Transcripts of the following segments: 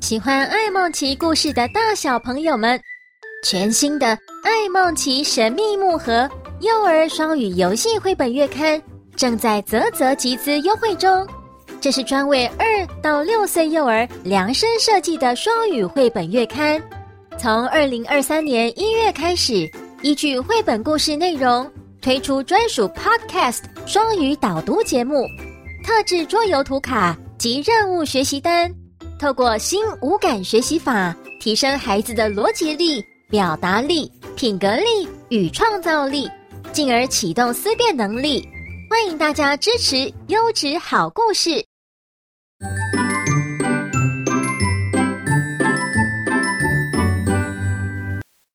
喜歡《愛孟奇》故事的大小朋友們，全新的《愛孟奇神祕木盒》和幼兒雙語遊戲繪本月刊正在嘖嘖集資優惠中。這是專為二到六歲幼兒量身設計的雙語繪本月刊。從二零二三年一月開始，依據繪本故事內容推出專屬 Podcast 雙語導讀節目、特制桌遊圖卡及任務學習單。透過新五感學習法，提升孩子的邏輯力、表達力、品格力與創造力，進而啟動思辨能力。歡迎大家支持優質好故事。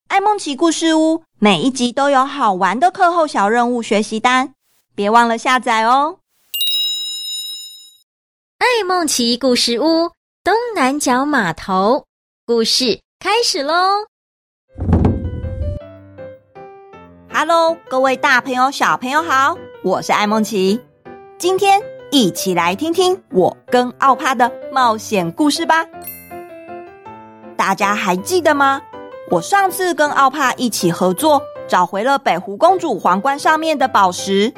愛孟奇故事屋，每一集都有好玩的課後小任務學習單，別忘了下載哦。愛孟奇故事屋。東南角碼頭，故事開始嘍！Hello，各位大朋友、小朋友好，我是愛孟奇，今天一起來聽聽我跟奧帕的冒險故事吧。大家還記得嗎？我上次跟奧帕一起合作，找回了北湖公主皇冠上面的寶石。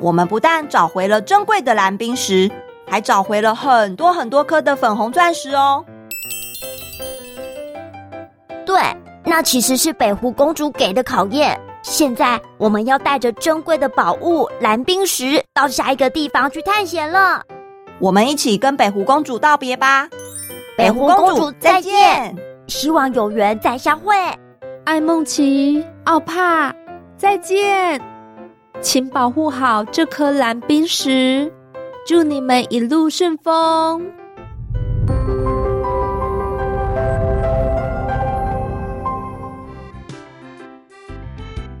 我們不但找回了珍貴的藍冰石。還找回了很多很多顆的粉紅鑽石哦。對，那其實是北湖公主給的考驗。現在我們要帶着珍貴的寶物藍冰石到下一個地方去探險了。我們一起跟北湖公主道別吧。北湖公主，北湖公主，再見，再見，希望有緣再相會。愛孟奇、奧帕，再見，請保護好這顆藍冰石。祝你們一路順風！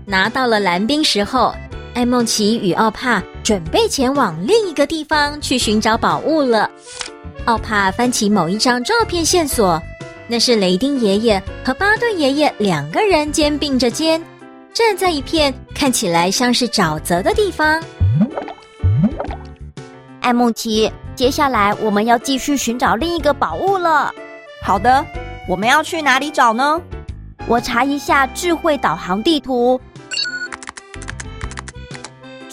拿到了藍冰石後，愛孟奇與奧帕準備前往另一個地方去尋找寶物了。奧帕翻起某一張照片線索，那是雷丁爺爺和巴頓爺爺兩個人肩並着肩，站在一片看起來像是沼澤的地方。愛孟奇，接下來我們要繼續尋找另一個寶物了。好的，我們要去哪裡找呢？我查一下智慧導航地圖。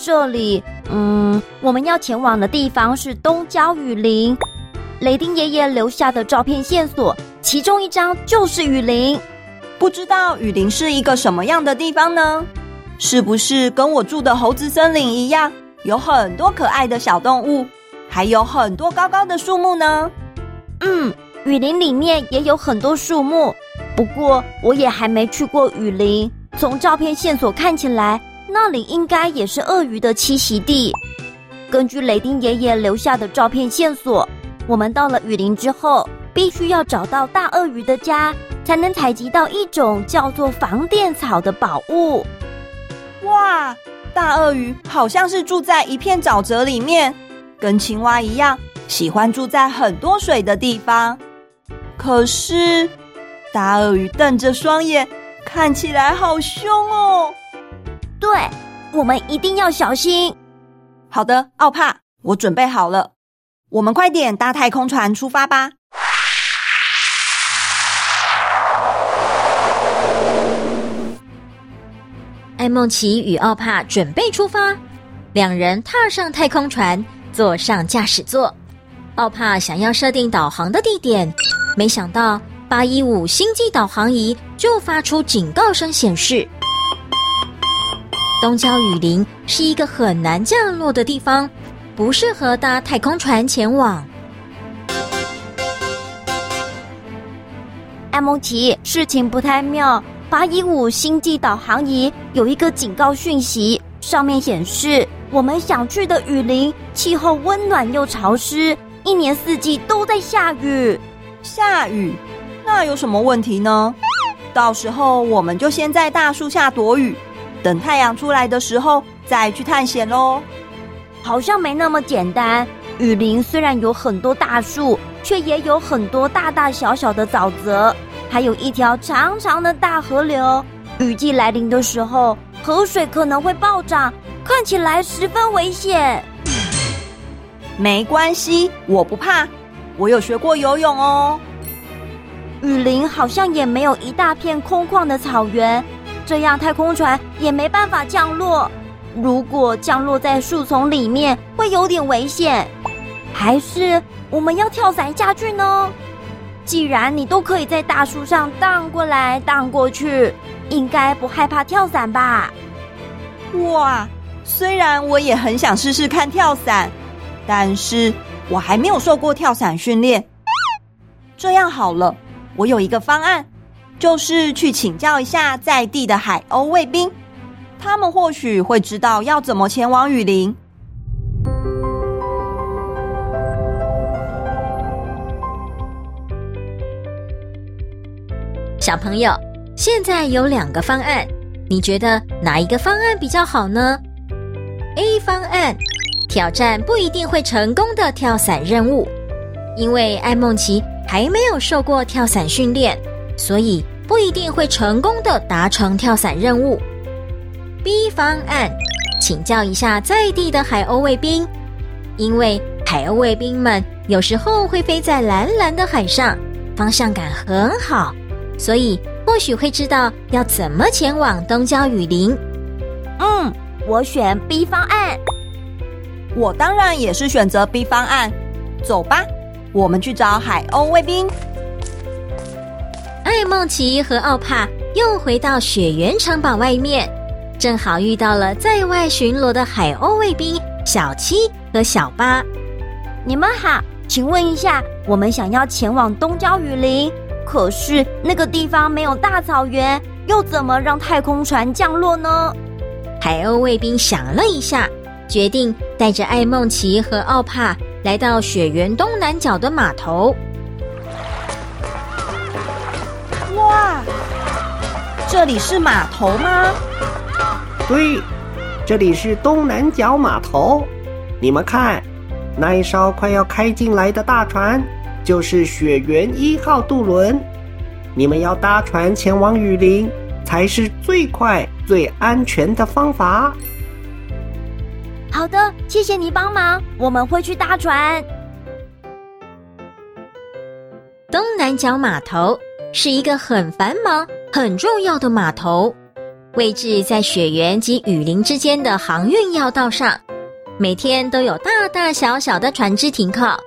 這裡，嗯，我們要前往的地方是東郊雨林。雷丁爺爺留下的照片線索，其中一張就是雨林。不知道雨林是一個什麼樣的地方呢？是不是跟我住的猴子森林一樣？有很多可愛的小動物，還有很多高高的樹木呢。嗯，雨林裡面也有很多樹木，不過我也還沒去過雨林。從照片線索看起來，那裡應該也是鱷魚的棲息地。根據雷丁爺爺留下的照片線索，我們到了雨林之後，必須要找到大鱷魚的家，才能採集到一種叫做防電草的寶物。哇！大鱷魚好像是住在一片沼澤裡面，跟青蛙一樣，喜歡住在很多水的地方。可是，大鱷魚瞪着雙眼，看起來好凶哦。對，我們一定要小心。好的，奧帕，我準備好了，我們快點搭太空船出發吧。愛孟奇與奧帕準備出發，兩人踏上太空船，坐上駕駛座。奧帕想要設定導航的地點，沒想到八一五星際導航儀就發出警告聲，顯示東郊雨林是一個很難降落的地方，不適合搭太空船前往。愛孟奇，事情，不太妙。八一五星際導航儀有一個警告訊息，上面顯示我們想去的雨林氣候溫暖又潮濕，一年四季都在下雨。下雨，那有什麼問題呢？到時候我們就先在大樹下躲雨，等太陽出來的時候再去探險咯。好像沒那麼簡單。雨林雖然有很多大樹，卻也有很多大大小小的沼澤。還有一條長長的大河流，雨季來臨的時候，河水可能會暴漲，看起來十分危險。沒關係，我不怕，我有學過游泳哦。雨林好像也沒有一大片空曠的草原，這樣太空船也沒辦法降落。如果降落在樹叢裡面，會有點危險。還是我們要跳傘下去呢？既然你都可以在大樹上盪過來盪過去，應該不害怕跳傘吧？哇，雖然我也很想試試看跳傘，但是我還沒有受過跳傘訓練。這樣好了，我有一個方案，就是去請教一下在地的海鷗衛兵，他們或許會知道要怎麼前往雨林。小朋友，現在有兩個方案，你覺得哪一個方案比較好呢？A 方案，挑戰不一定會成功的跳傘任務，因為愛孟奇還沒有受過跳傘訓練，所以不一定會成功的達成跳傘任務。B 方案，請教一下在地的海鷗衛兵，因為海鷗衛兵們有時候會飛在藍藍的海上，方向感很好。所以，或許會知道要怎麼前往東郊雨林。嗯，我選 B 方案。我當然也是選擇 B 方案。走吧，我們去找海鷗衛兵。愛孟奇和奧帕又回到雪原城堡外面，正好遇到了在外巡邏的海鷗衛兵小七和小八。你們好，請問一下，我們想要前往東郊雨林。可是那個地方沒有大草原，又怎麼讓太空船降落呢？海鷗衛兵想了一下，決定帶着愛孟奇和奧帕來到雪原東南角的碼頭。哇，這裡是碼頭嗎？對，這裡是東南角碼頭。你們看，那一艘快要開進來的大船。就是雪原一號渡輪，你們要搭船前往雨林，才是最快、最安全的方法。好的，謝謝你幫忙，我們會去搭船。東南角碼頭是一個很繁忙、很重要的碼頭，位置在雪原及雨林之間的航運要道上，每天都有大大小小的船隻停靠。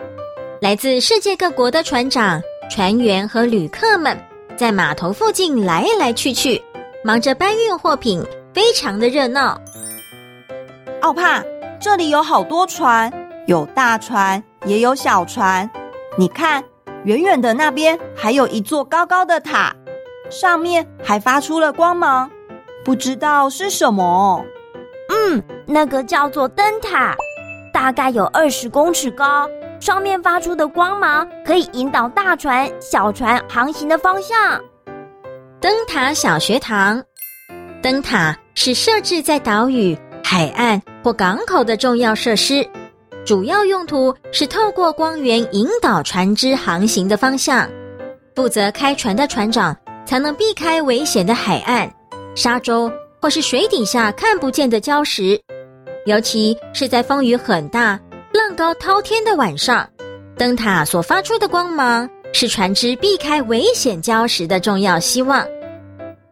來自世界各國的船長、船員和旅客們，在碼頭附近來來去去，忙着搬運貨品，非常的熱鬧。奧帕，這裡有好多船，有大船，也有小船。你看，遠遠的那邊還有一座高高的塔，上面還發出了光芒，不知道是什麼。嗯，那個叫做燈塔，大概有二十公尺高。雙面發出的光芒可以引導大船、小船航行的方向。燈塔小學堂，燈塔是設置在島嶼、海岸或港口的重要設施，主要用途是透過光源引導船只航行的方向。負責開船的船長才能避開危險的海岸、沙洲或是水底下看不見的礁石，尤其是在風雨很大高滔天的晚上，燈塔所發出的光芒是船只避開危險礁石的重要希望。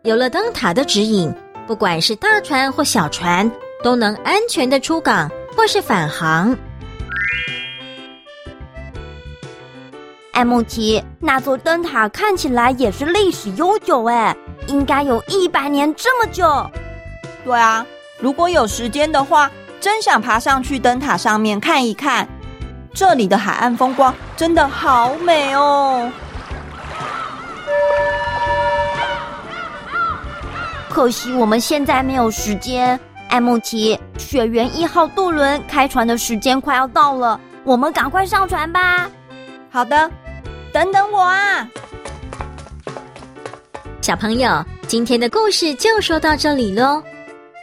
有了燈塔的指引，不管是大船或小船，都能安全的出港或是返航。愛孟奇，那座燈塔看起來也是歷史悠久哎，應該有一百年這麼久。對啊，如果有時間的話。真想爬上去燈塔上面看一看，這裡的海岸風光真的好美哦。可惜我們現在沒有時間，愛孟奇，雪原一號渡輪開船的時間快要到了，我們趕快上船吧。好的，等等我啊。小朋友，今天的故事就說到這裡嘍。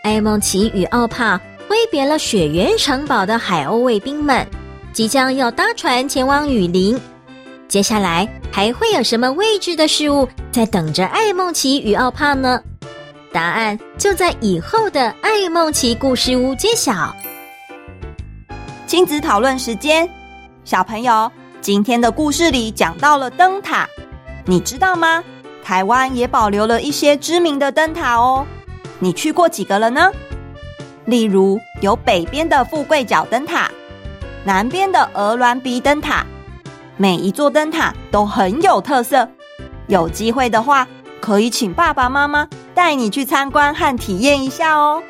愛孟奇與奧帕。揮別了雪原城堡的海鷗衛兵們，即將要搭船前往雨林。接下來還會有什麼未知的事物在等着愛孟奇與奧帕呢？答案就在以後的愛孟奇故事屋揭曉。親子討論時間，小朋友，今天的故事裡講到了燈塔，你知道嗎？台灣也保留了一些知名的燈塔哦，你去過幾個了呢？例如有北邊的富貴角燈塔，南邊的鵝鑾鼻燈塔，每一座燈塔都很有特色。有機會的話，可以請爸爸媽媽帶你去參觀和體驗一下哦。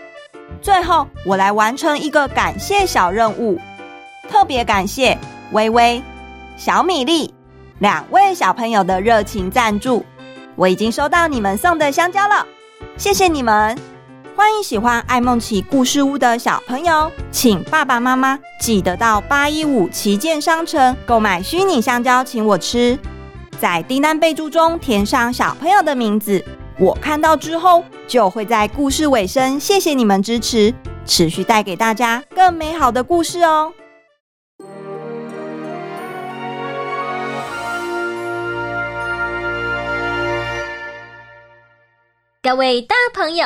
最後，我來完成一個感謝小任務，特別感謝微微、小米粒兩位小朋友的熱情贊助，我已經收到你們送的香蕉了，謝謝你們。歡迎喜歡愛孟奇故事屋的小朋友，請爸爸媽媽記得到八一五旗艦商城購買虛擬香蕉，請我吃。在訂單備註中填上小朋友的名字，我看到之後就會在故事尾聲謝謝你們支持，持續帶給大家更美好的故事哦。各位大朋友，